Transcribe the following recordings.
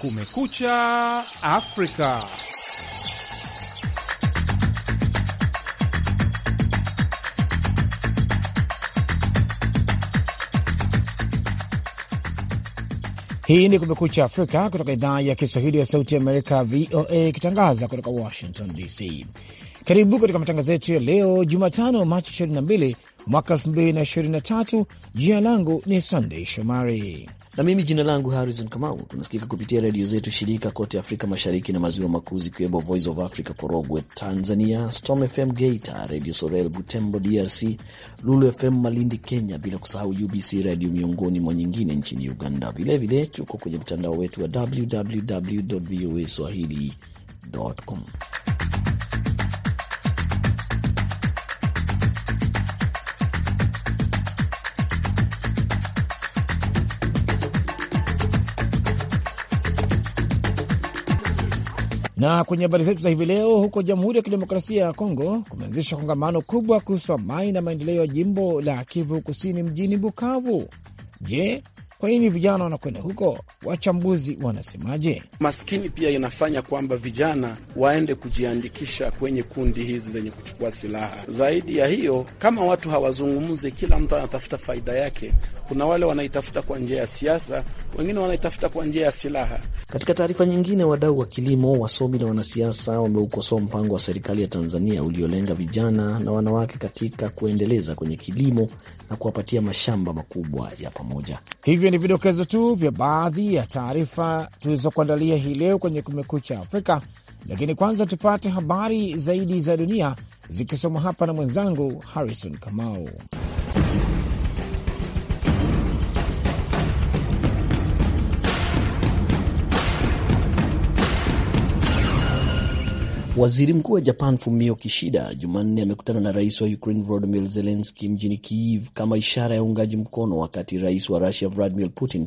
Kumekucha Afrika. Hii ni Kumekucha Afrika kutoka idhaa ya Kiswahili ya Sauti ya Amerika, VOA, ikitangaza kutoka Washington DC. Karibu katika matangazo yetu ya leo Jumatano, Machi 22 mwaka 2023. Jina langu ni Sandey Shomari na mimi jina langu Harrison Kamau. Tunasikika kupitia redio zetu shirika kote Afrika Mashariki na Maziwa Makuu, zikiwemo Voice of Africa Korogwe Tanzania, Storm FM Geita, Redio Sorel Butembo DRC, Lulu FM Malindi Kenya, bila kusahau UBC Radio miongoni mwa nyingine nchini Uganda. Vilevile tuko kwenye mtandao wetu wa www voa swahili com. Na kwenye habari zetu za hivi leo, huko Jamhuri ya Kidemokrasia ya Kongo kumeanzisha kongamano kubwa kuhusu amani na maendeleo ya jimbo la Kivu Kusini mjini Bukavu. Je, kwa nini vijana wanakwenda huko? Wachambuzi wanasemaje? Maskini pia inafanya kwamba vijana waende kujiandikisha kwenye kundi hizi zenye kuchukua silaha. Zaidi ya hiyo, kama watu hawazungumzi kila mtu anatafuta faida yake, kuna wale wanaitafuta kwa njia ya siasa, wengine wanaitafuta kwa njia ya silaha. Katika taarifa nyingine, wadau wa kilimo, wasomi na wanasiasa wameukosoa mpango wa serikali ya Tanzania uliolenga vijana na wanawake katika kuendeleza kwenye kilimo na kuwapatia mashamba makubwa ya pamoja. Hivyo ni vidokezo tu vya baadhi ya taarifa tulizokuandalia hii leo kwenye Kumekucha Afrika, lakini kwanza tupate habari zaidi za dunia zikisomwa hapa na mwenzangu Harrison Kamau. Waziri Mkuu wa Japan Fumio Kishida Jumanne amekutana na rais wa Ukraine Volodymyr Zelensky mjini Kiev kama ishara ya uungaji mkono, wakati rais wa Russia Vladimir Putin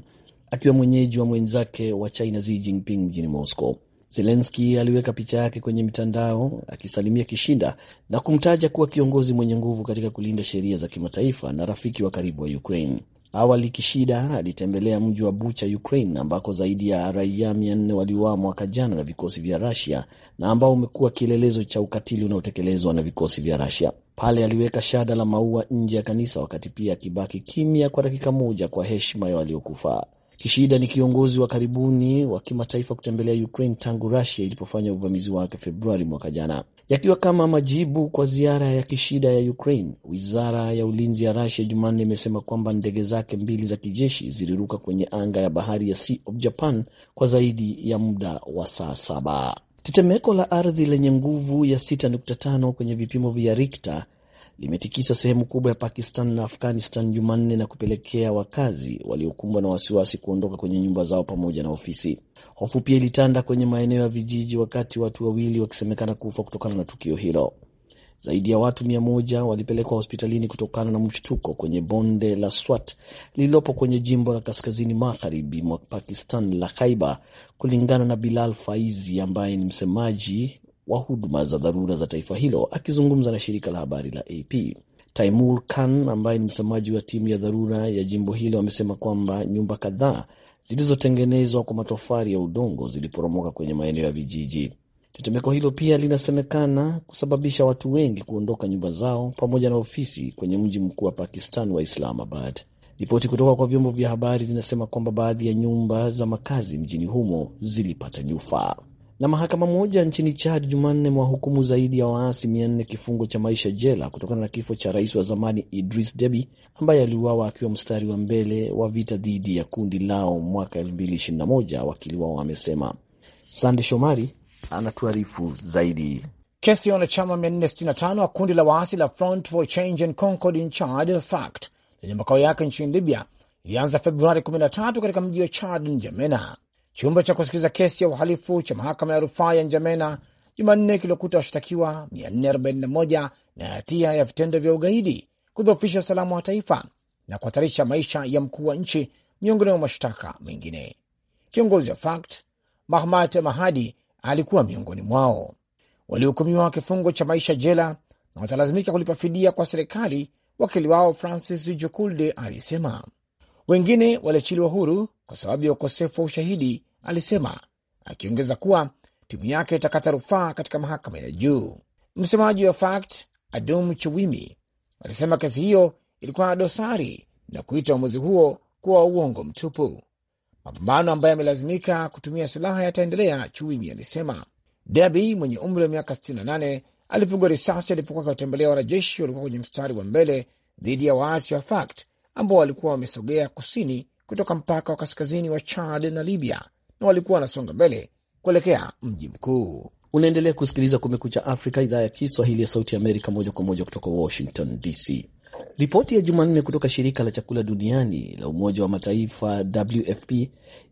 akiwa mwenyeji wa mwenzake wa China Xi Jinping mjini Moscow. zelenski aliweka picha yake kwenye mitandao akisalimia Kishida na kumtaja kuwa kiongozi mwenye nguvu katika kulinda sheria za kimataifa na rafiki wa karibu wa Ukraine. Awali Kishida alitembelea mji wa Bucha, Ukraine, ambako zaidi ya raia nne waliuawa mwaka jana na vikosi vya Rusia na ambao umekuwa kielelezo cha ukatili unaotekelezwa na vikosi vya Rusia. Pale aliweka shada la maua nje ya kanisa, wakati pia akibaki kimya kwa dakika moja kwa heshima ya waliokufa. Kishida ni kiongozi wa karibuni wa kimataifa kutembelea Ukraine tangu Rusia ilipofanya uvamizi wake Februari mwaka jana yakiwa kama majibu kwa ziara ya kishida ya Ukraine. Wizara ya ulinzi ya Rusia Jumanne imesema kwamba ndege zake mbili za kijeshi ziliruka kwenye anga ya bahari ya Sea of Japan kwa zaidi ya muda wa saa saba. Tetemeko la ardhi lenye nguvu ya 6.5 kwenye vipimo vya Richter limetikisa sehemu kubwa ya Pakistan na Afghanistan Jumanne na kupelekea wakazi waliokumbwa na wasiwasi kuondoka kwenye nyumba zao pamoja na ofisi. Hofu pia ilitanda kwenye maeneo ya vijiji wakati watu wawili wakisemekana kufa kutokana na tukio hilo. Zaidi ya watu mia moja walipelekwa hospitalini kutokana na mshtuko kwenye bonde la Swat lililopo kwenye jimbo la kaskazini magharibi mwa Pakistan la Khyber, kulingana na Bilal Faizi ambaye ni msemaji wa huduma za dharura za taifa hilo akizungumza na shirika la habari la AP. Taimur Khan ambaye ni msemaji wa timu ya dharura ya jimbo hilo amesema kwamba nyumba kadhaa zilizotengenezwa kwa matofali ya udongo ziliporomoka kwenye maeneo ya vijiji. Tetemeko hilo pia linasemekana kusababisha watu wengi kuondoka nyumba zao pamoja na ofisi kwenye mji mkuu wa Pakistan wa Islamabad. Ripoti kutoka kwa vyombo vya habari zinasema kwamba baadhi ya nyumba za makazi mjini humo zilipata nyufa. Na mahakama moja nchini Chad Jumanne mwahukumu zaidi ya waasi mia nne kifungo cha maisha jela kutokana na kifo cha rais wa zamani Idris Deby ambaye aliuawa akiwa mstari wa mbele wa vita dhidi ya kundi lao mwaka 2021, wakili wao amesema. Sande Shomari anatuarifu zaidi. Kesi ya wanachama 465 wa kundi la waasi la Front for Change and Concord in Chad FACT lenye makao yake nchini Libya ilianza Februari 13 katika mji wa Chad N'Djamena. Chumba cha kusikiliza kesi ya uhalifu cha mahakama ya rufaa ya Njamena Jumanne kiliokuta washtakiwa 441 na hatia ya vitendo vya ugaidi, kudhoofisha usalama wa taifa na kuhatarisha maisha ya mkuu wa nchi, miongoni mwa mashtaka mengine. Kiongozi wa FACT Mahmat Mahadi alikuwa miongoni mwao waliohukumiwa kifungo cha maisha jela na watalazimika kulipa fidia kwa serikali. Wakili wao Francis jukulde alisema wengine waliachiliwa huru kwa sababu ya ukosefu wa ushahidi, alisema, akiongeza kuwa timu yake itakata rufaa katika mahakama ya juu. Msemaji wa FACT Adum Chiwumi alisema kesi hiyo ilikuwa na dosari na kuita uamuzi huo kuwa uongo mtupu. Mapambano ambayo yamelazimika kutumia silaha yataendelea, Chiwumi alisema. Debi mwenye umri wa miaka 68 alipigwa risasi alipokuwa akiwatembelea wanajeshi waliokuwa kwenye mstari wa mbele dhidi ya waasi wa FACT ambao walikuwa wamesogea kusini kutoka mpaka wa kaskazini wa Chad na Libya na walikuwa wanasonga mbele kuelekea mji mkuu. Unaendelea kusikiliza Kumekucha Afrika, idhaa ya Kiswahili ya Sauti Amerika, moja kwa moja kutoka Washington DC. Ripoti ya Jumanne kutoka shirika la chakula duniani la Umoja wa Mataifa WFP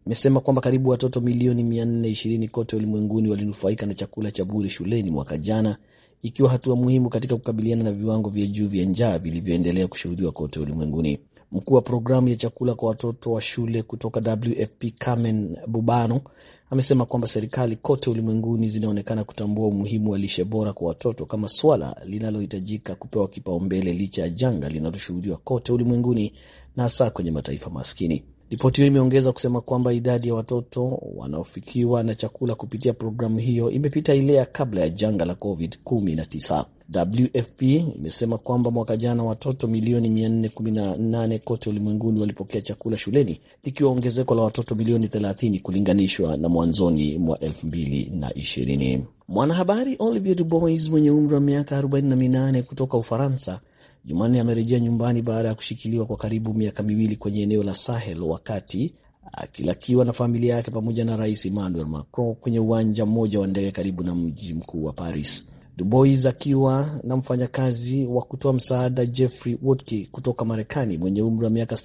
imesema kwamba karibu watoto milioni 420 kote ulimwenguni walinufaika na chakula cha bure shuleni mwaka jana, ikiwa hatua muhimu katika kukabiliana na viwango vya juu vya njaa vilivyoendelea kushuhudiwa kote ulimwenguni. Mkuu wa programu ya chakula kwa watoto wa shule kutoka WFP Carmen Bubano amesema kwamba serikali kote ulimwenguni zinaonekana kutambua umuhimu wa lishe bora kwa watoto kama swala linalohitajika kupewa kipaumbele licha ya janga linaloshuhudiwa kote ulimwenguni na hasa kwenye mataifa maskini. Ripoti hiyo imeongeza kusema kwamba idadi ya watoto wanaofikiwa na chakula kupitia programu hiyo imepita ile ya kabla ya janga la COVID-19. WFP imesema kwamba mwaka jana watoto milioni 418 kote ulimwenguni walipokea chakula shuleni, likiwa ongezeko la watoto milioni 30 kulinganishwa na mwanzoni mwa 2020. Mwanahabari Olivier Dubois mwenye umri wa miaka 48 kutoka Ufaransa Jumanne amerejea nyumbani baada ya kushikiliwa kwa karibu miaka miwili kwenye eneo la Sahel wakati akilakiwa na familia yake pamoja na Rais Emmanuel Macron kwenye uwanja mmoja wa ndege karibu na mji mkuu wa Paris. Dubois akiwa na mfanyakazi wa kutoa msaada Jeffrey Wotke kutoka Marekani mwenye umri wa miaka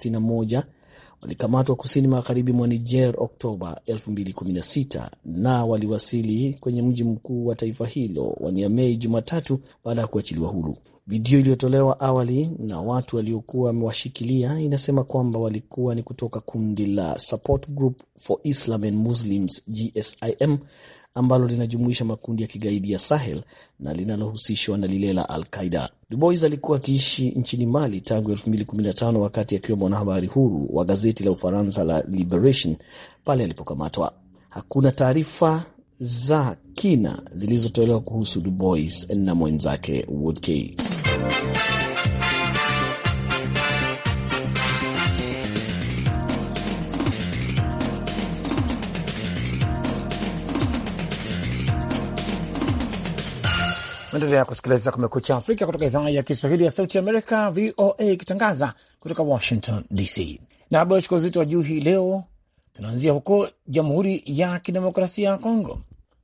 walikamatwa kusini magharibi mwa Niger Oktoba 2016 na waliwasili kwenye mji mkuu wa taifa hilo wa Niamei Jumatatu baada ya kuachiliwa huru. Video iliyotolewa awali na watu waliokuwa wamewashikilia inasema kwamba walikuwa ni kutoka kundi la Support Group for Islam and Muslims GSIM ambalo linajumuisha makundi ya kigaidi ya Sahel na linalohusishwa na lile la Al-Qaida. Dubois alikuwa akiishi nchini Mali tangu 2015 wakati akiwa mwanahabari huru wa gazeti la Ufaransa la Liberation pale alipokamatwa. Hakuna taarifa za kina zilizotolewa kuhusu Dubois na mwenzake Woodkey. Endelea kusikiliza Kumekucha Afrika kutoka idhaa ya Kiswahili ya Sauti Amerika, VOA, ikitangaza kutoka Washington DC. Na habari chukua uzito wa juu hii leo, tunaanzia huko Jamhuri ya Kidemokrasia ya Kongo.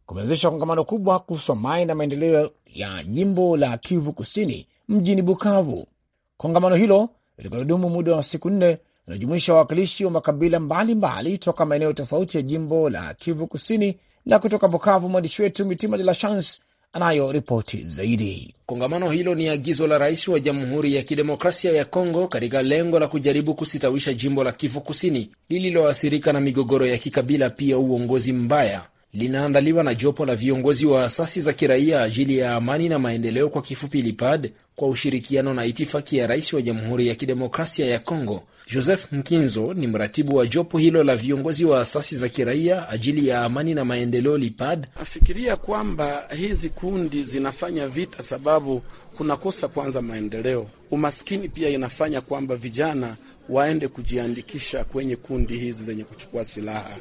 Kumeanzisha kongamano kubwa kuhusu amani na maendeleo ya jimbo la Kivu Kusini mjini Bukavu. Kongamano hilo litakayodumu muda wa siku nne linajumuisha wawakilishi wa makabila mbalimbali mbali toka maeneo tofauti ya jimbo la Kivu Kusini. Na kutoka Bukavu, mwandishi wetu Mitima De La Chance anayo ripoti zaidi. Kongamano hilo ni agizo la rais wa Jamhuri ya Kidemokrasia ya Kongo katika lengo la kujaribu kusitawisha jimbo la Kivu Kusini lililoathirika na migogoro ya kikabila, pia uongozi mbaya. Linaandaliwa na jopo la viongozi wa asasi za kiraia ajili ya amani na maendeleo, kwa kifupi LIPAD, kwa ushirikiano na itifaki ya rais wa Jamhuri ya Kidemokrasia ya Kongo. Joseph Mkinzo ni mratibu wa jopo hilo la viongozi wa asasi za kiraia ajili ya amani na maendeleo LIPAD. Nafikiria kwamba hizi kundi zinafanya vita sababu kunakosa kwanza maendeleo. Umaskini pia inafanya kwamba vijana waende kujiandikisha kwenye kundi hizi zenye kuchukua silaha.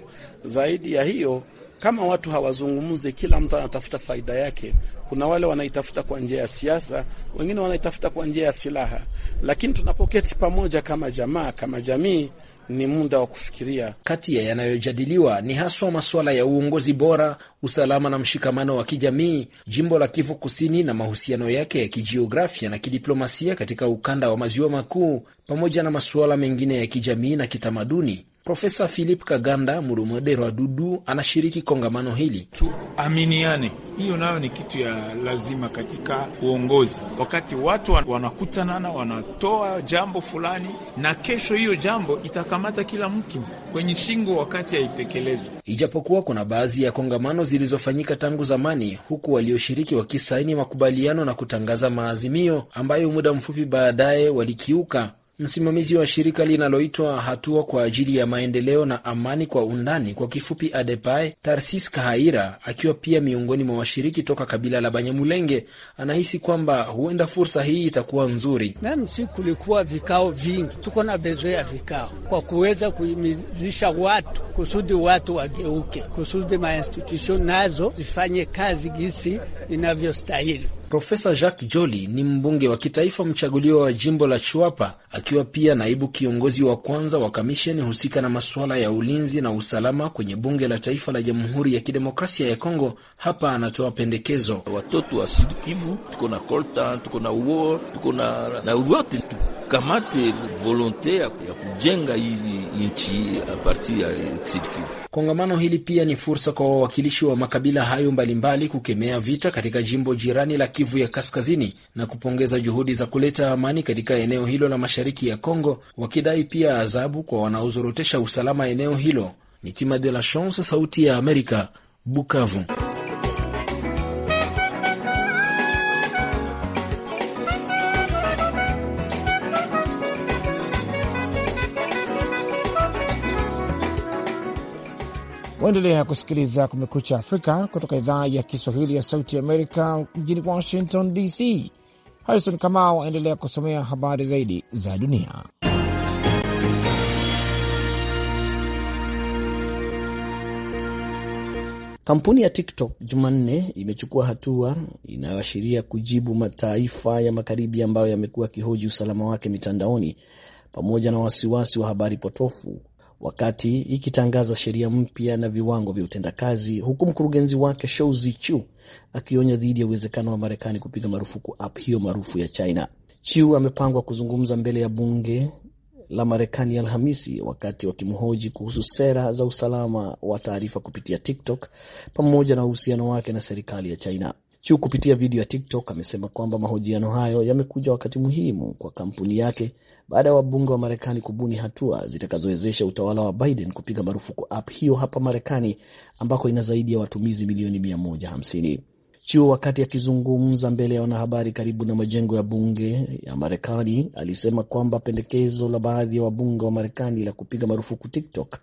Zaidi ya hiyo kama watu hawazungumzi kila mtu anatafuta faida yake. Kuna wale wanaitafuta kwa njia ya siasa, wengine wanaitafuta kwa njia ya silaha, lakini tunapoketi pamoja kama jamaa, kama jamii ni muda wa kufikiria. Kati ya yanayojadiliwa ni haswa masuala ya uongozi bora, usalama na mshikamano wa kijamii, jimbo la Kivu Kusini na mahusiano yake ya kijiografia na kidiplomasia katika ukanda wa maziwa makuu, pamoja na masuala mengine ya kijamii na kitamaduni. Profesa Philip Kaganda Murumodero Wadudu anashiriki kongamano hili. Tuaminiane, hiyo nayo ni kitu ya lazima katika uongozi. Wakati watu wanakutanana wanatoa jambo fulani, na kesho hiyo jambo itakamata kila mtu kwenye shingo wakati haitekelezwa. Ijapokuwa kuna baadhi ya kongamano zilizofanyika tangu zamani, huku walioshiriki wakisaini makubaliano na kutangaza maazimio ambayo muda mfupi baadaye walikiuka. Msimamizi wa shirika linaloitwa Hatua kwa ajili ya maendeleo na amani kwa undani, kwa kifupi ADEPAE, Tarsis Kahaira, akiwa pia miongoni mwa washiriki toka kabila la Banyamulenge, anahisi kwamba huenda fursa hii itakuwa nzuri. Mem si kulikuwa vikao vingi, tuko na bezo ya vikao kwa kuweza kuimizisha watu kusudi watu wageuke, kusudi mainstitution nazo zifanye kazi gisi inavyostahili. Profesa Jacques Joli ni mbunge wa kitaifa mchaguliwa wa jimbo la Chuapa, akiwa pia naibu kiongozi wa kwanza wa kamisheni husika na masuala ya ulinzi na usalama kwenye bunge la taifa la Jamhuri ya Kidemokrasia ya Kongo. Hapa anatoa pendekezo: watoto wa Sud Kivu, tuko na Kolta, tuko na Uor, tuko na Urwati, tukamate volonte ya kujenga hii nchi parti ya Sud Kivu. Kongamano hili pia ni fursa kwa wawakilishi wa makabila hayo mbalimbali kukemea vita katika jimbo jirani la Kivu Kivu ya Kaskazini na kupongeza juhudi za kuleta amani katika eneo hilo la mashariki ya Kongo, wakidai pia adhabu kwa wanaozorotesha usalama eneo hilo. Mitima de la Chance, Sauti ya Amerika, Bukavu. Waendelea kusikiliza Kumekucha Afrika kutoka idhaa ya Kiswahili ya Sauti Amerika mjini Washington DC. Harrison Kamau aendelea kusomea habari zaidi za dunia. Kampuni ya TikTok Jumanne imechukua hatua inayoashiria kujibu mataifa ya magharibi ambayo yamekuwa yakihoji usalama wake mitandaoni pamoja na wasiwasi wa habari potofu wakati ikitangaza sheria mpya na viwango vya utendakazi, huku mkurugenzi wake Shouzi Chu akionya dhidi ya uwezekano wa Marekani kupiga marufuku app hiyo maarufu ya China. Chu amepangwa kuzungumza mbele ya bunge la Marekani Alhamisi wakati wakimhoji kuhusu sera za usalama wa taarifa kupitia TikTok pamoja na uhusiano wake na serikali ya China. Chu kupitia video ya TikTok amesema kwamba mahojiano hayo yamekuja wakati muhimu kwa kampuni yake baada ya wabunge wa Marekani kubuni hatua zitakazowezesha utawala wa Biden kupiga marufuku app hiyo hapa Marekani ambako ina zaidi ya watumizi milioni 150. Chu wakati akizungumza mbele ya wanahabari karibu na majengo ya bunge ya Marekani alisema kwamba pendekezo la baadhi ya wabunge wa Marekani la kupiga marufuku TikTok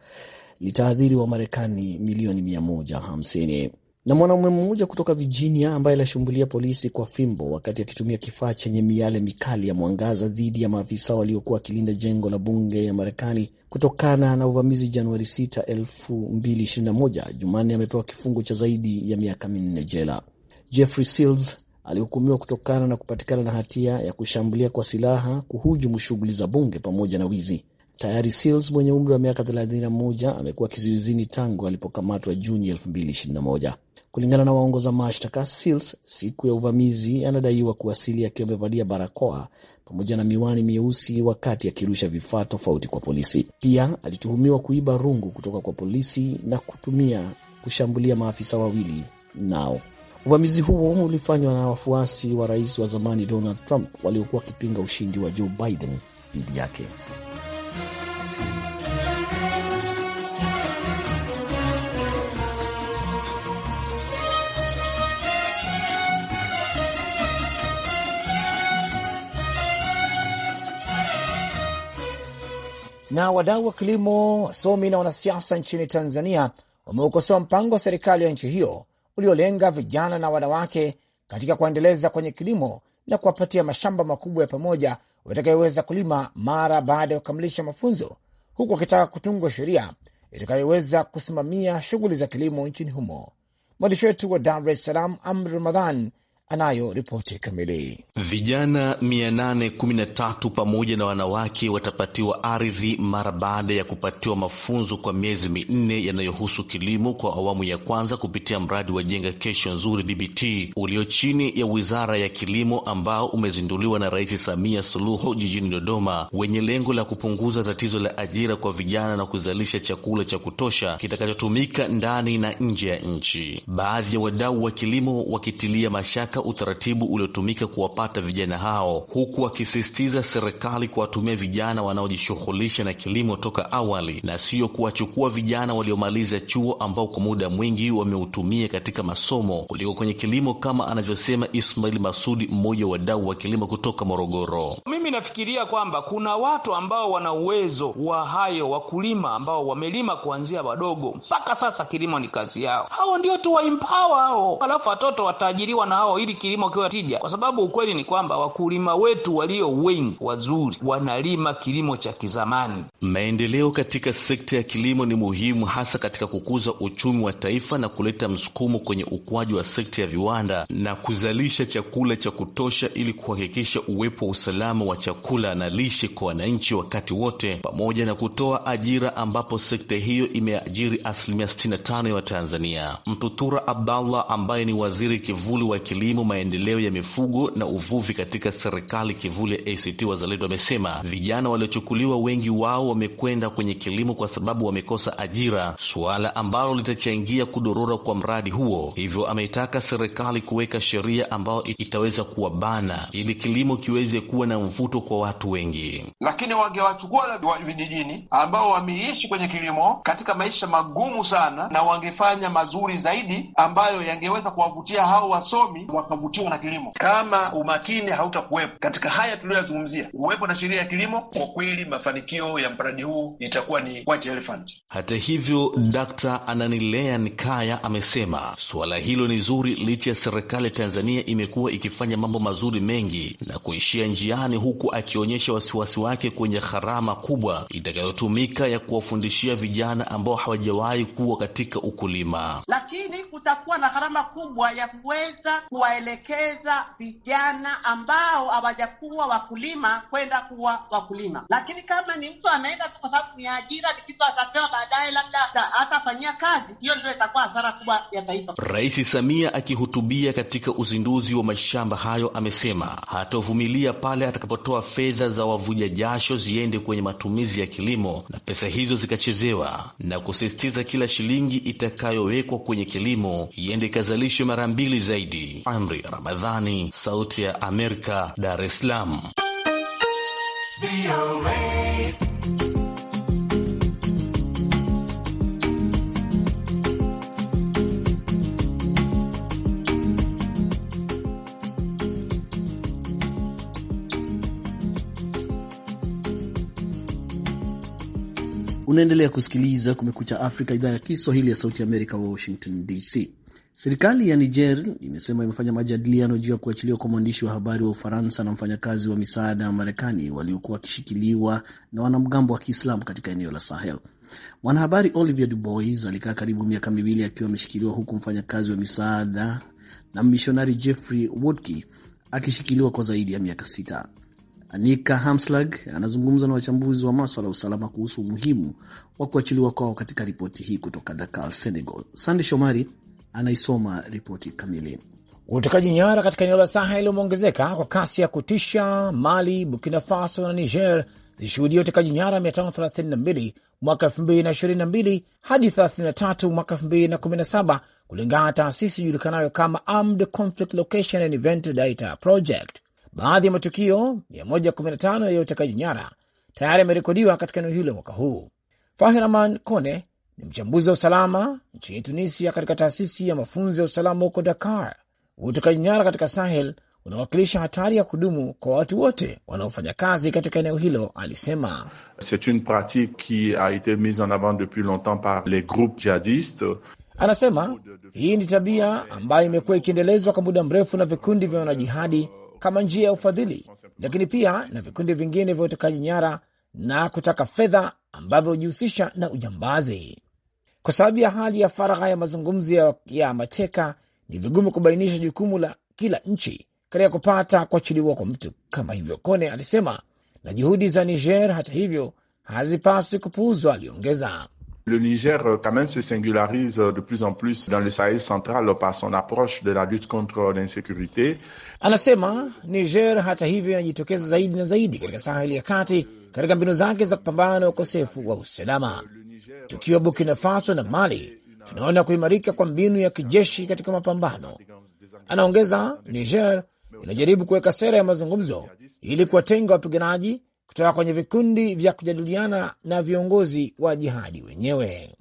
litaadhiri wa Marekani milioni 150 na mwanaume mmoja kutoka Virginia ambaye alishambulia polisi kwa fimbo wakati akitumia kifaa chenye miale mikali ya mwangaza dhidi ya maafisa waliokuwa wakilinda jengo la bunge ya Marekani kutokana na uvamizi Januari 6, 2021, Jumanne amepewa kifungo cha zaidi ya miaka minne jela. Jeffrey Seals alihukumiwa kutokana na kupatikana na hatia ya kushambulia kwa silaha, kuhujumu shughuli za bunge pamoja na wizi. Tayari Seals mwenye umri wa miaka 31 amekuwa kizuizini tangu alipokamatwa Juni 2021. Kulingana na waongoza mashtaka, Sils siku ya uvamizi anadaiwa kuwasili akiwa amevalia barakoa pamoja na miwani mieusi wakati akirusha vifaa tofauti kwa polisi. Pia alituhumiwa kuiba rungu kutoka kwa polisi na kutumia kushambulia maafisa wawili nao. Uvamizi huo ulifanywa na wafuasi wa rais wa zamani Donald Trump waliokuwa wakipinga ushindi wa Joe Biden dhidi yake. Na wadau wa kilimo, wasomi na wanasiasa nchini Tanzania wameukosoa mpango wa serikali ya nchi hiyo uliolenga vijana na wanawake katika kuendeleza kwenye kilimo na kuwapatia mashamba makubwa ya pamoja watakayoweza kulima mara baada ya kukamilisha mafunzo, huku wakitaka kutungwa sheria itakayoweza kusimamia shughuli za kilimo nchini humo. Mwandishi wetu wa Dar es Salaam, Amri Ramadhan, anayo ripoti kamili. Vijana 813 pamoja na wanawake watapatiwa ardhi mara baada ya kupatiwa mafunzo kwa miezi minne yanayohusu kilimo kwa awamu ya kwanza kupitia mradi wa Jenga Kesho Nzuri BBT ulio chini ya Wizara ya Kilimo ambao umezinduliwa na Rais Samia Suluhu jijini Dodoma, wenye lengo la kupunguza tatizo la ajira kwa vijana na kuzalisha chakula cha kutosha kitakachotumika ndani na nje ya nchi. Baadhi ya wadau wa kilimo wakitilia mashaka kutaka utaratibu uliotumika kuwapata vijana hao, huku akisisitiza serikali kuwatumia vijana wanaojishughulisha na kilimo toka awali na sio kuwachukua vijana waliomaliza chuo ambao kwa muda mwingi wameutumia katika masomo kuliko kwenye kilimo, kama anavyosema Ismail Masudi, mmoja wa wadau wa kilimo kutoka Morogoro. Mimi nafikiria kwamba kuna watu ambao wana uwezo wa hayo, wakulima ambao wamelima kuanzia wadogo mpaka sasa, kilimo ni kazi yao. Hao ndio waimpawa hao, alafu watoto wataajiriwa na hao ili kilimo kiwe tija, kwa sababu ukweli ni kwamba wakulima wetu walio wengi wazuri wanalima kilimo cha kizamani. Maendeleo katika sekta ya kilimo ni muhimu hasa katika kukuza uchumi wa taifa na kuleta msukumo kwenye ukuaji wa sekta ya viwanda na kuzalisha chakula cha kutosha ili kuhakikisha uwepo wa usalama wa chakula na lishe kwa wananchi wakati wote, pamoja na kutoa ajira ambapo sekta hiyo imeajiri asilimia 65 ya Watanzania. Mtutura Abdallah ambaye ni waziri kivuli wa kilimo uratibu maendeleo ya mifugo na uvuvi katika serikali kivuli ACT Wazalendo amesema vijana waliochukuliwa wengi wao wamekwenda kwenye kilimo kwa sababu wamekosa ajira, suala ambalo litachangia kudorora kwa mradi huo. Hivyo ameitaka serikali kuweka sheria ambayo itaweza kuwabana ili kilimo kiweze kuwa na mvuto kwa watu wengi. Lakini wangewachukua vijijini ambao wameishi kwenye kilimo katika maisha magumu sana, na wangefanya mazuri zaidi ambayo yangeweza kuwavutia hao wasomi wa wakavutiwa na kilimo. Kama umakini hautakuwepo katika haya tuliyoyazungumzia, uwepo na sheria ya kilimo, kwa kweli mafanikio ya mradi huu itakuwa ni white elephant. Hata hivyo, d Ananilea Nikaya amesema suala hilo ni zuri, licha ya serikali ya Tanzania imekuwa ikifanya mambo mazuri mengi na kuishia njiani, huku akionyesha wasiwasi wake kwenye gharama kubwa itakayotumika ya kuwafundishia vijana ambao hawajawahi kuwa katika ukulima, lakini kutakuwa na gharama kubwa ya kuweza kuwa kuwaelekeza vijana ambao hawajakuwa wakulima kwenda kuwa wakulima. Lakini kama ni mtu ameenda tu kwa sababu ni ajira, ni kitu atapewa baadaye, labda hatafanyia kazi, hiyo ndio itakuwa hasara kubwa ya taifa. Rais Samia akihutubia katika uzinduzi wa mashamba hayo amesema hatovumilia pale atakapotoa fedha za wavuja jasho ziende kwenye matumizi ya kilimo na pesa hizo zikachezewa, na kusisitiza kila shilingi itakayowekwa kwenye kilimo iende ikazalishwe mara mbili zaidi. Amri Ramadhani, Sauti ya Amerika, Dar es Salaam. Unaendelea kusikiliza Kumekucha Afrika, idhaa ya Kiswahili ya Sauti ya Amerika, Washington DC. Serikali ya Niger imesema imefanya majadiliano juu ya kuachiliwa kwa mwandishi wa habari wa Ufaransa na mfanyakazi wa misaada wa Marekani waliokuwa wakishikiliwa na wanamgambo wa Kiislamu katika eneo la Sahel. Mwanahabari Olivier Dubois alikaa karibu miaka miwili akiwa ameshikiliwa huku mfanyakazi wa misaada na mishonari Jeffrey Wodki akishikiliwa kwa zaidi ya miaka sita. Anika Hamslag anazungumza na wachambuzi wa maswala ya usalama kuhusu umuhimu wa kuachiliwa kwao katika ripoti hii kutoka Dakar, Senegal. Sande Shomari anaisoma ripoti kamili. Utekaji nyara katika eneo la Sahel umeongezeka kwa kasi ya kutisha. Mali, Burkina Faso na Niger zilishuhudia utekaji nyara 532 mwaka 2022 hadi 33 mwaka 2017, kulingana na taasisi ijulikanayo kama Armed Conflict Location and Event Data Project. Baadhi ya matukio 115 ya utekaji nyara tayari yamerekodiwa katika eneo hilo mwaka huu. Fahiraman Kone ni mchambuzi wa usalama nchini Tunisia katika taasisi ya mafunzo ya usalama huko Dakar. Utekaji nyara katika Sahel unawakilisha hatari ya kudumu kwa watu wote wanaofanya kazi katika eneo hilo, alisema. C'est une pratique qui a été mise en avant depuis longtemps par les groupes Anasema hii ni tabia ambayo imekuwa ikiendelezwa kwa muda mrefu na vikundi vya wanajihadi kama njia ya ufadhili, lakini pia na vikundi vingine vya utekaji nyara na kutaka fedha ambavyo hujihusisha na ujambazi. Kwa sababu ya hali ya faragha ya mazungumzo ya, ya mateka, ni vigumu kubainisha jukumu la kila nchi katika kupata kuachiliwa kwa mtu kama hivyo, Kone alisema. Na juhudi za Niger, hata hivyo, hazipaswi kupuuzwa, aliongeza. Le Niger euh, quand même se singularise euh, de plus en plus dans le Sahel central par son approche de la lutte contre l'insécurité. Anasema Niger hata hivyo inajitokeza zaidi na zaidi katika Saheli ya kati katika mbinu zake za kupambana na ukosefu wa usalama. Tukiwa Burkina Faso na Mali, tunaona kuimarika kwa mbinu ya kijeshi katika mapambano. Anaongeza, Niger inajaribu kuweka sera ya mazungumzo ili kuwatenga wapiganaji kutoka kwenye vikundi vya kujadiliana na viongozi wa jihadi wenyewe.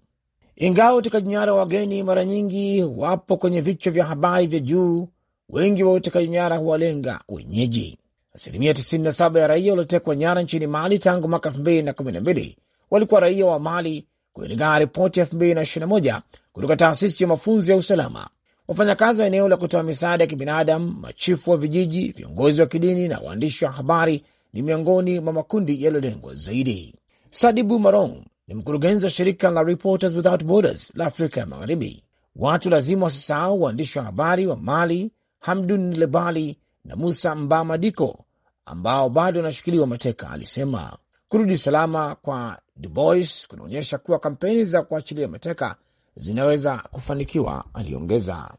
Ingawa utekaji nyara wa wageni mara nyingi wapo kwenye vichwa vya habari vya juu, wengi wa utekaji nyara huwalenga wenyeji. Asilimia 97 ya raia waliotekwa nyara nchini Mali tangu mwaka 2012 walikuwa raia wa Mali kulingana na ripoti ya kutoka taasisi ya mafunzo ya usalama. Wafanyakazi wa eneo la kutoa misaada ya kibinadamu, machifu wa vijiji, viongozi wa kidini na waandishi wa habari ni miongoni mwa makundi yaliyolengwa zaidi. Sadibu Marong ni mkurugenzi wa shirika la Reporters Without Borders la Afrika ya Magharibi. Watu lazima wasisahau waandishi wa habari wa Mali, Hamdun Lebali na Musa Mbamadiko ambao bado wanashikiliwa mateka, alisema. Kurudi salama kwa Du Bois kunaonyesha kuwa kampeni za kuachilia mateka zinaweza kufanikiwa, aliongeza.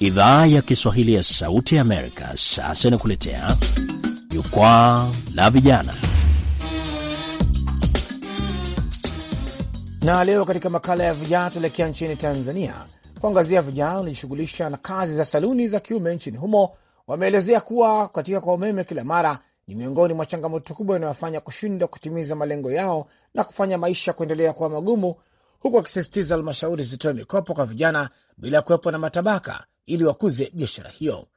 Idhaa ya Kiswahili ya Sauti ya Amerika sasa inakuletea jukwaa la vijana, na leo katika makala ya vijana tuelekea nchini Tanzania kuangazia vijana wanajishughulisha na kazi za saluni za kiume nchini humo. Wameelezea kuwa katika kwa umeme kila mara ni miongoni mwa changamoto kubwa inayofanya kushindwa kutimiza malengo yao na kufanya maisha kuendelea kuwa magumu, huku akisisitiza halmashauri zitoe mikopo kwa vijana bila kuwepo na matabaka ili wakuze biashara hiyo.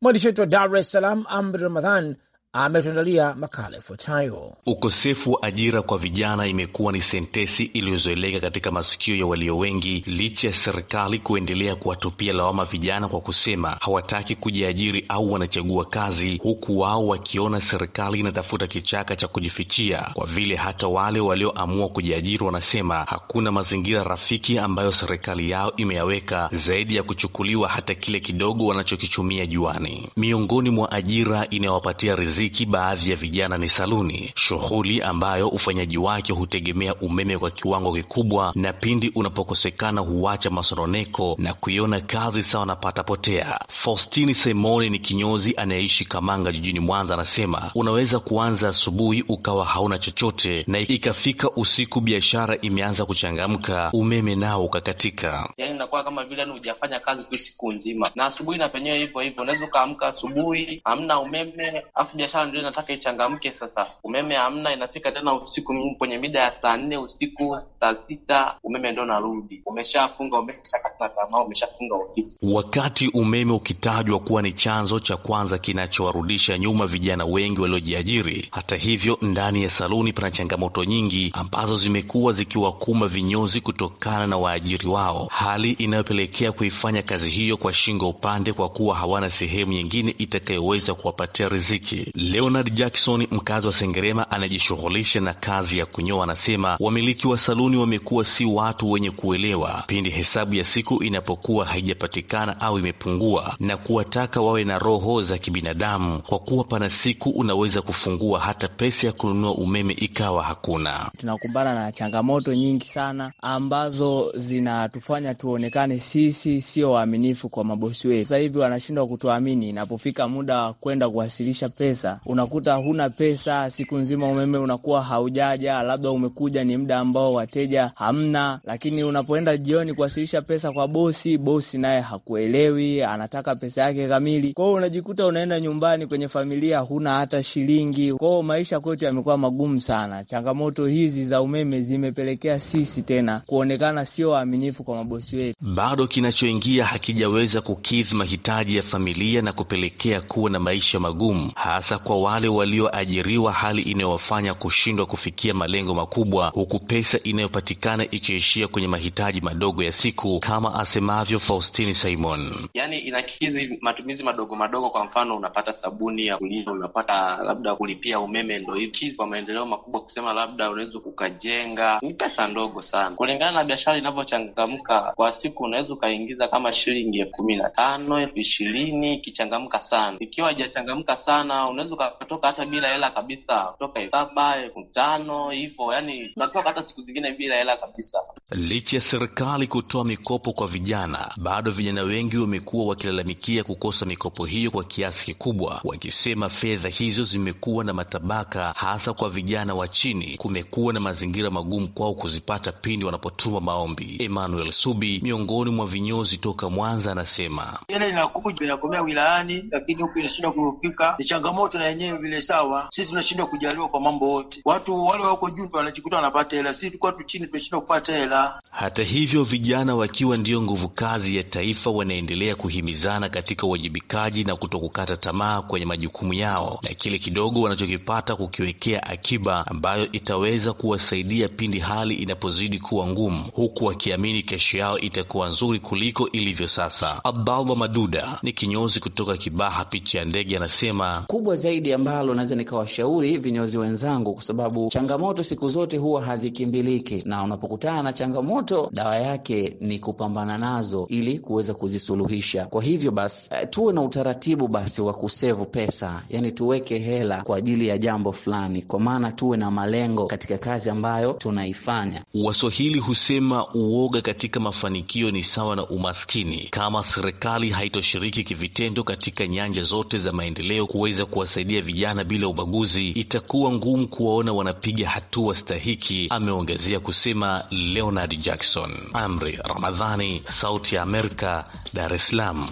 Mwandishi wetu wa Dar es Salaam, Amri Ramadhan, ametuandalia makala ifuatayo. Ukosefu wa ajira kwa vijana imekuwa ni sentesi iliyozoeleka katika masikio ya walio wengi, licha ya serikali kuendelea kuwatupia lawama vijana kwa kusema hawataki kujiajiri au wanachagua kazi, huku wao wakiona serikali inatafuta kichaka cha kujifichia, kwa vile hata wale walioamua kujiajiri wanasema hakuna mazingira rafiki ambayo serikali yao imeyaweka zaidi ya kuchukuliwa hata kile kidogo wanachokichumia juani. Miongoni mwa ajira inayowapatia riziki muziki, baadhi ya vijana ni saluni, shughuli ambayo ufanyaji wake hutegemea umeme kwa kiwango kikubwa, na pindi unapokosekana huacha masononeko na kuiona kazi sawa na patapotea. Faustini Semoni ni kinyozi anayeishi Kamanga jijini Mwanza, anasema unaweza kuanza asubuhi ukawa hauna chochote, na ikafika usiku biashara imeanza kuchangamka, umeme nao ukakatika, yani kama vile yaani hujafanya kazi tu siku nzima, na asubuhi na penyewe hivyo hivyo, unaweza ukaamka asubuhi hamna umeme afu taa ndio inataka ichangamke sasa. Umeme hamna, inafika tena usiku kwenye mida ya saa nne usiku, saa sita umeme ndio narudi. Umeshafunga umeme, umeshakata tamaa, umeshafunga ofisi. Wakati umeme ukitajwa kuwa ni chanzo cha kwanza kinachowarudisha nyuma vijana wengi waliojiajiri, hata hivyo, ndani ya saluni pana changamoto nyingi ambazo zimekuwa zikiwakuma vinyozi kutokana na waajiri wao, hali inayopelekea kuifanya kazi hiyo kwa shingo upande, kwa kuwa hawana sehemu nyingine itakayoweza kuwapatia riziki. Leonard Jackson, mkazi wa Sengerema anajishughulisha na kazi ya kunyoa, anasema wamiliki wa saluni wamekuwa si watu wenye kuelewa pindi hesabu ya siku inapokuwa haijapatikana au imepungua, na kuwataka wawe na roho za kibinadamu, kwa kuwa pana siku unaweza kufungua hata pesa ya kununua umeme ikawa hakuna. Tunakumbana na changamoto nyingi sana ambazo zinatufanya tuonekane sisi sio waaminifu kwa mabosi wetu. Sasa hivi wanashindwa kutuamini inapofika muda wa kwenda kuwasilisha pesa pesa, Unakuta huna pesa, siku nzima umeme unakuwa haujaja, labda umekuja ni muda ambao wateja hamna, lakini unapoenda jioni kuwasilisha pesa kwa bosi, bosi naye hakuelewi, anataka pesa yake kamili. Kwao unajikuta unaenda nyumbani kwenye familia huna hata shilingi. Kwao maisha kwetu yamekuwa magumu sana. Changamoto hizi za umeme zimepelekea sisi tena kuonekana sio waaminifu kwa mabosi wetu. Bado kinachoingia hakijaweza kukidhi mahitaji ya familia na kupelekea kuwa na maisha magumu hasa hasa kwa wale walioajiriwa, hali inayowafanya kushindwa kufikia malengo makubwa, huku pesa inayopatikana ikiishia kwenye mahitaji madogo ya siku, kama asemavyo Faustini Simon. Yani inakizi matumizi madogo madogo, kwa mfano unapata sabuni ya kulia, unapata labda kulipia umeme, ndo hivi. Kwa maendeleo makubwa kusema labda unaweza ukajenga, ni pesa ndogo sana kulingana na biashara inavyochangamka. Kwa siku unaweza ukaingiza kama shilingi elfu kumi na tano elfu ishirini ikichangamka sana, ikiwa haijachangamka sana unaweza ukatoka hata bila hela kabisa, kutoka saba elfu tano hivo, yani unatoka hata siku zingine bila hela kabisa. Licha ya serikali kutoa mikopo kwa vijana, bado vijana wengi wamekuwa wakilalamikia kukosa mikopo hiyo kwa kiasi kikubwa, wakisema fedha hizo zimekuwa na matabaka, hasa kwa vijana wa chini. Kumekuwa na mazingira magumu kwao kuzipata pindi wanapotuma maombi. Emmanuel Subi, miongoni mwa vinyozi toka Mwanza, anasema hela inakuja inakomea wilayani, lakini huku inashindwa kufika, ni changamoto watu na yenyewe vile sawa. Sisi tunashindwa kujaliwa kwa mambo yote, watu wale wako juu wanajikuta wanapata hela, sisi tulikuwa tu chini tunashindwa kupata hela. Hata hivyo, vijana wakiwa ndiyo nguvu kazi ya taifa, wanaendelea kuhimizana katika uwajibikaji na kutokukata tamaa kwenye majukumu yao, na kile kidogo wanachokipata kukiwekea akiba ambayo itaweza kuwasaidia pindi hali inapozidi kuwa ngumu, huku wakiamini kesho yao itakuwa nzuri kuliko ilivyo sasa. Abdallah Maduda ni kinyozi kutoka Kibaha, picha ya ndege, anasema kubwa zaidi ambalo naweza nikawashauri vinyozi wenzangu, kwa sababu changamoto siku zote huwa hazikimbiliki, na unapokutana na changamoto dawa yake ni kupambana nazo ili kuweza kuzisuluhisha. Kwa hivyo basi, eh, tuwe na utaratibu basi wa kusevu pesa, yani tuweke hela kwa ajili ya jambo fulani, kwa maana tuwe na malengo katika kazi ambayo tunaifanya. Waswahili husema uoga katika mafanikio ni sawa na umaskini. Kama serikali haitoshiriki kivitendo katika nyanja zote za maendeleo kuweza kuwa kuwasaidia vijana bila ubaguzi, itakuwa ngumu kuwaona wanapiga hatua stahiki, ameongezea kusema Leonard Jackson. Amri Ramadhani, Sauti ya Amerika, Dar es Salaam.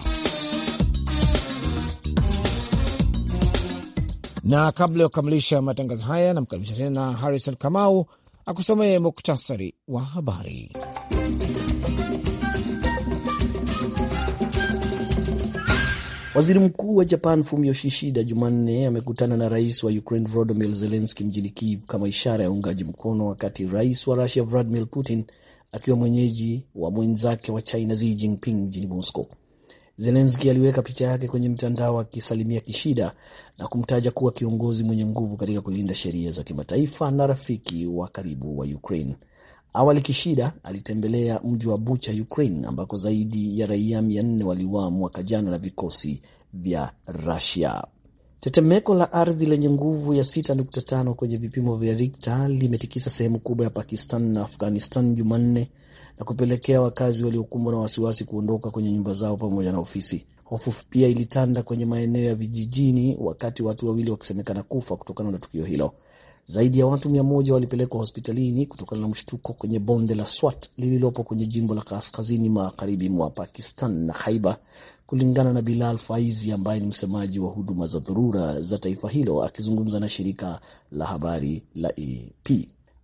Na kabla ya kukamilisha matangazo haya, namkaribisha tena Harrison Kamau akusomee muktasari wa habari. Waziri Mkuu wa Japan Fumio Kishida Jumanne amekutana na rais wa Ukraine Volodymyr Zelensky mjini Kiev kama ishara ya uungaji mkono, wakati rais wa Russia Vladimir Putin akiwa mwenyeji wa mwenzake wa China Xi Jinping mjini Moscow. Zelensky aliweka picha yake kwenye mtandao akisalimia Kishida na kumtaja kuwa kiongozi mwenye nguvu katika kulinda sheria za kimataifa na rafiki wa karibu wa Ukraine. Awali Kishida alitembelea mji wa Bucha, Ukraine, ambako zaidi ya raia mia nne waliuawa mwaka jana na vikosi vya Rusia. Tetemeko la ardhi lenye nguvu ya 6.5 kwenye vipimo vya rikta limetikisa sehemu kubwa ya Pakistan na Afghanistan Jumanne na kupelekea wakazi waliokumbwa na wasiwasi kuondoka kwenye nyumba zao pamoja na ofisi. Hofu pia ilitanda kwenye maeneo ya vijijini, wakati watu wawili wakisemekana kufa kutokana na tukio hilo. Zaidi ya watu mia moja walipelekwa hospitalini kutokana na mshtuko kwenye bonde la Swat lililopo kwenye jimbo la kaskazini magharibi mwa Pakistan na haiba kulingana na Bilal Faizi ambaye ni msemaji wa huduma za dharura za taifa hilo akizungumza na shirika la habari la ap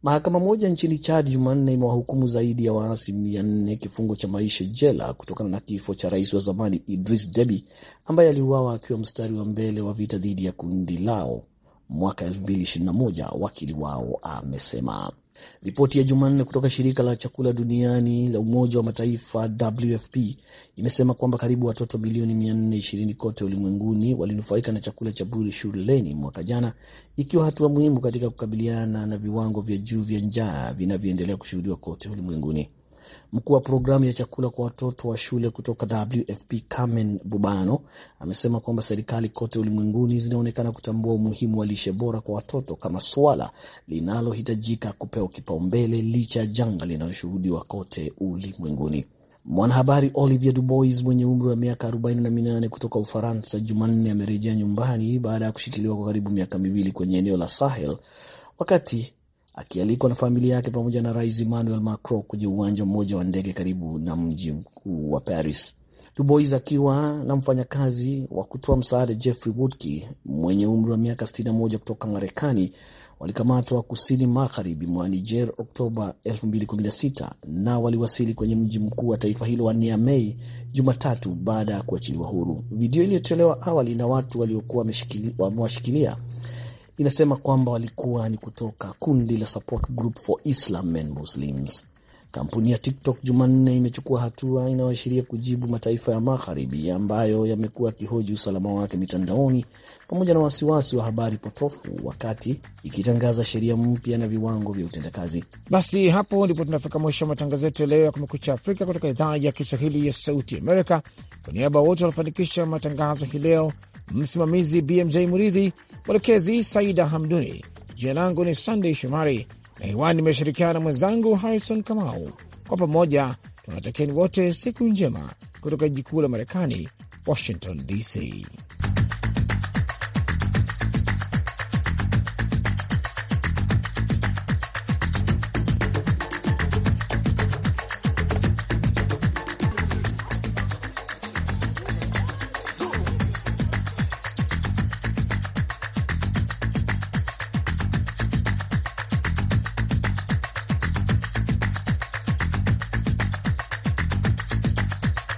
Mahakama moja nchini Chad Jumanne imewahukumu zaidi ya waasi mia nne kifungo cha maisha jela kutokana na kifo cha rais wa zamani Idris Deby ambaye aliuawa akiwa mstari wa mbele wa vita dhidi ya kundi lao mwaka 2021, wakili wao amesema. Ripoti ya Jumanne kutoka shirika la chakula duniani la Umoja wa Mataifa WFP imesema kwamba karibu watoto milioni 420 kote ulimwenguni walinufaika na chakula cha bure shuleni mwaka jana, ikiwa hatua muhimu katika kukabiliana na viwango vya juu vya njaa vinavyoendelea kushuhudiwa kote ulimwenguni. Mkuu wa programu ya chakula kwa watoto wa shule kutoka WFP Carmen Bubano amesema kwamba serikali kote ulimwenguni zinaonekana kutambua umuhimu wa lishe bora kwa watoto kama suala linalohitajika kupewa kipaumbele licha ya janga linaloshuhudiwa kote ulimwenguni. Mwanahabari Olivier Dubois mwenye umri wa miaka 48 kutoka Ufaransa Jumanne amerejea nyumbani baada ya kushikiliwa kwa karibu miaka miwili kwenye eneo la Sahel wakati akialikwa na familia yake pamoja na Rais Emmanuel Macron kwenye uwanja mmoja wa ndege karibu na mji mkuu wa Paris. Dubois akiwa na mfanyakazi wa kutoa msaada Jeffrey Woodke mwenye umri wa miaka 61 kutoka Marekani walikamatwa kusini magharibi mwa Niger Oktoba 2016 na waliwasili kwenye mji mkuu wa taifa hilo wa Niamey Jumatatu baada ya kuachiliwa huru. Video iliyotolewa awali na watu waliokuwa wamewashikilia inasema kwamba walikuwa ni kutoka kundi la Support Group for Islam and Muslims. Kampuni ya TikTok Jumanne imechukua hatua inayoashiria kujibu mataifa ya Magharibi ambayo yamekuwa yakihoji usalama wake mitandaoni pamoja na wasiwasi wa habari potofu, wakati ikitangaza sheria mpya na viwango vya utendakazi. Basi hapo ndipo tunafika mwisho wa matangazo yetu ya leo ya Kumekucha Afrika kutoka idhaa ya Kiswahili ya Sauti Amerika. Kwa niaba wote wanafanikisha matangazo hii leo, msimamizi BMJ Muridhi, mwelekezi Saida Hamduni, jina langu ni Sandey Shomari na hewani nimeshirikiana na mwenzangu Harrison Kamau. Kwa pamoja tunawatakieni wote siku njema kutoka jiji kuu la Marekani, Washington DC.